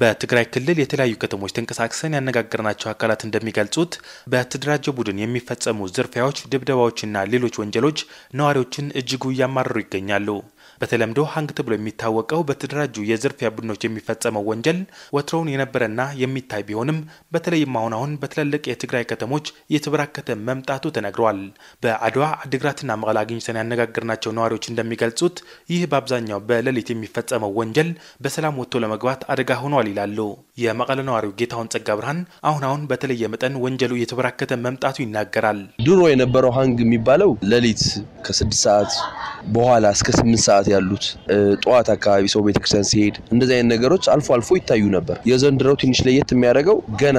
በትግራይ ክልል የተለያዩ ከተሞች ተንቀሳቅሰን ያነጋገርናቸው አካላት እንደሚገልጹት በተደራጀ ቡድን የሚፈጸሙ ዝርፊያዎች፣ ድብደባዎችና ሌሎች ወንጀሎች ነዋሪዎችን እጅጉ እያማረሩ ይገኛሉ። በተለምዶ ሀንግ ተብሎ የሚታወቀው በተደራጁ የዝርፊያ ቡድኖች የሚፈጸመው ወንጀል ወትሮውን የነበረና የሚታይ ቢሆንም በተለይም አሁን አሁን በትላልቅ የትግራይ ከተሞች እየተበራከተ መምጣቱ ተነግረዋል። በአድዋ አድግራትና መቀለ አግኝተን ያነጋገርናቸው ነዋሪዎች እንደሚገልጹት ይህ በአብዛኛው በሌሊት የሚፈጸመው ወንጀል በሰላም ወጥቶ ለመግባት አደጋ ሆኗል ይላሉ። የመቀለ ነዋሪው ጌታሁን ጸጋ ብርሃን አሁን አሁን በተለየ መጠን ወንጀሉ እየተበራከተ መምጣቱ ይናገራል። ድሮ የነበረው ሀንግ የሚባለው ሌሊት ከስድስት ሰዓት በኋላ እስከ ስምንት ሰዓት ያሉት ጠዋት አካባቢ ሰው ቤተክርስቲያን ሲሄድ እንደዚህ አይነት ነገሮች አልፎ አልፎ ይታዩ ነበር። የዘንድሮው ትንሽ ለየት የሚያደርገው ገና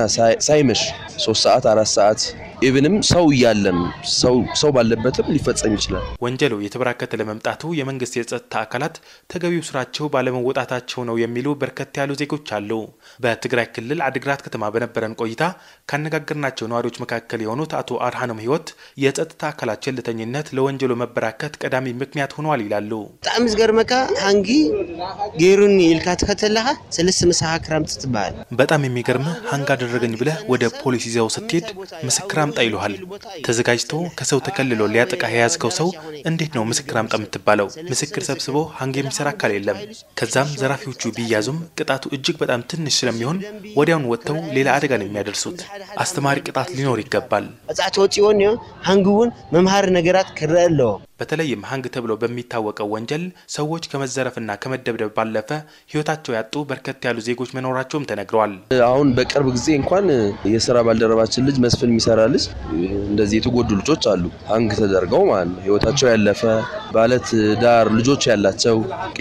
ሳይመሽ ሶስት ሰዓት አራት ሰዓት ኢብንም ሰው እያለም ሰው ባለበትም ሊፈጸም ይችላል። ወንጀሉ የተበራከተ ለመምጣቱ የመንግስት የጸጥታ አካላት ተገቢው ስራቸው ባለመወጣታቸው ነው የሚሉ በርከት ያሉ ዜጎች አሉ። በትግራይ ክልል አድግራት ከተማ በነበረን ቆይታ ካነጋገርናቸው ነዋሪዎች መካከል የሆኑት አቶ አርሃኖም ህይወት የጸጥታ አካላት ቸልተኝነት ለወንጀሉ መበራከት ቀዳሚ ምክንያት ሆኗል ይላሉ። ብጣዕሚ ዝገርመካ ሃንጊ ገይሩኒ ኢልካ ትከተለካ ሰለስተ መሳሓ ክራምቲ ትበሃል። በጣም የሚገርምህ ሃንጋ አደረገኝ ብለህ ወደ ፖሊስ ይዘው ስትሄድ ምስክራ አምጣ ይሉሃል። ተዘጋጅቶ ከሰው ተከልሎ ሊያጠቃ የያዝከው ሰው እንዴት ነው ምስክር አምጣ የምትባለው? ምስክር ሰብስቦ ሀንግ የሚሰራ አካል የለም። ከዛም ዘራፊዎቹ ቢያዙም ቅጣቱ እጅግ በጣም ትንሽ ስለሚሆን ወዲያውን ወጥተው ሌላ አደጋ ነው የሚያደርሱት። አስተማሪ ቅጣት ሊኖር ይገባል። መጽቶ ጽዮን ሀንግውን መምሃር ነገራት ክረአለዎ በተለይም ሀንግ ተብሎ በሚታወቀው ወንጀል ሰዎች ከመዘረፍና ከመደብደብ ባለፈ ህይወታቸው ያጡ በርከት ያሉ ዜጎች መኖራቸውም ተነግረዋል። አሁን በቅርብ ጊዜ እንኳን የስራ ባልደረባችን ልጅ መስፍን የሚሰራ ልጅ እንደዚህ የተጎዱ ልጆች አሉ፣ ሀንግ ተደርገው ማለት ነው። ህይወታቸው ያለፈ ባለት ዳር ልጆች ያላቸው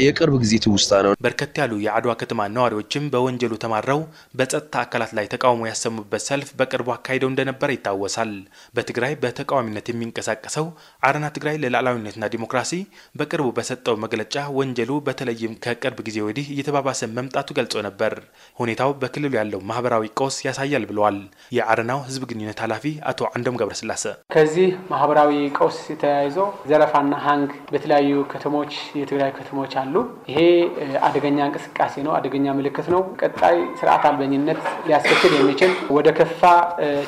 የቅርብ ጊዜ ትውስታ ነው። በርከት ያሉ የአድዋ ከተማ ነዋሪዎችም በወንጀሉ ተማረው በጸጥታ አካላት ላይ ተቃውሞ ያሰሙበት ሰልፍ በቅርቡ አካሂደው እንደነበረ ይታወሳል። በትግራይ በተቃዋሚነት የሚንቀሳቀሰው አረና ትግራይ ለላ ሉዓላዊነትና ዲሞክራሲ በቅርቡ በሰጠው መግለጫ ወንጀሉ በተለይም ከቅርብ ጊዜ ወዲህ እየተባባሰ መምጣቱ ገልጾ ነበር። ሁኔታው በክልሉ ያለው ማህበራዊ ቀውስ ያሳያል ብለዋል። የአረናው ህዝብ ግንኙነት ኃላፊ አቶ አንደም ገብረስላሴ ከዚህ ማህበራዊ ቀውስ የተያይዞ ዘረፋና ሀንግ በተለያዩ ከተሞች የትግራይ ከተሞች አሉ። ይሄ አደገኛ እንቅስቃሴ ነው፣ አደገኛ ምልክት ነው። ቀጣይ ስርዓት አልበኝነት ሊያስከትል የሚችል ወደ ከፋ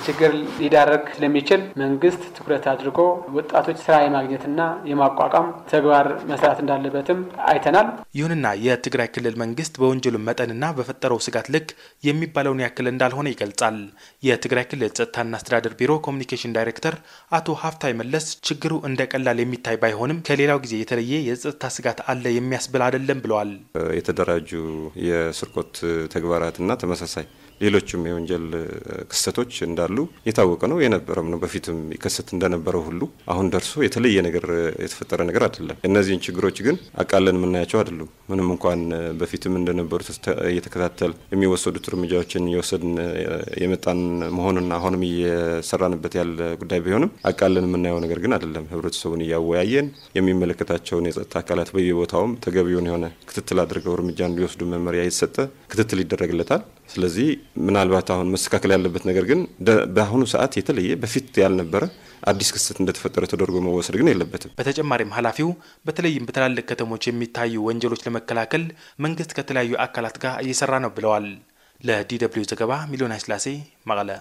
ችግር ሊዳረግ ስለሚችል መንግስት ትኩረት አድርጎ ወጣቶች ስራ የማግኘትና የማቋቋም ተግባር መስራት እንዳለበትም አይተናል። ይሁንና የትግራይ ክልል መንግስት በወንጀሉ መጠንና በፈጠረው ስጋት ልክ የሚባለውን ያክል እንዳልሆነ ይገልጻል። የትግራይ ክልል ጸጥታና አስተዳደር ቢሮ ኮሚኒኬሽን ዳይሬክተር አቶ ሀፍታይ መለስ ችግሩ እንደ ቀላል የሚታይ ባይሆንም ከሌላው ጊዜ የተለየ የጸጥታ ስጋት አለ የሚያስብል አይደለም ብለዋል። የተደራጁ የስርቆት ተግባራትና ተመሳሳይ ሌሎችም የወንጀል ክስተቶች እንዳሉ የታወቀ ነው የነበረም ነው። በፊትም ይከሰት እንደነበረው ሁሉ አሁን ደርሶ የተለየ ነገር የተፈጠረ ነገር አይደለም። እነዚህን ችግሮች ግን አቃለን የምናያቸው አይደሉም። ምንም እንኳን በፊትም እንደነበሩት እየተከታተል የሚወሰዱት እርምጃዎችን እየወሰድን የመጣን መሆኑና አሁንም እየሰራንበት ያለ ጉዳይ ቢሆንም አቃለን የምናየው ነገር ግን አይደለም። ህብረተሰቡን እያወያየን የሚመለከታቸውን የጸጥታ አካላት በየቦታውም ተገቢውን የሆነ ክትትል አድርገው እርምጃ እንዲወስዱ መመሪያ የተሰጠ ክትትል ይደረግለታል። ስለዚህ ምናልባት አሁን መስተካከል ያለበት ነገር ግን በአሁኑ ሰዓት የተለየ በፊት ያልነበረ አዲስ ክስተት እንደተፈጠረ ተደርጎ መወሰድ ግን የለበትም። በተጨማሪም ኃላፊው በተለይም በትላልቅ ከተሞች የሚታዩ ወንጀሎች ለመከላከል መንግስት ከተለያዩ አካላት ጋር እየሰራ ነው ብለዋል። ለዲ ደብልዩ ዘገባ ሚሊዮን ኃይለስላሴ መቀለ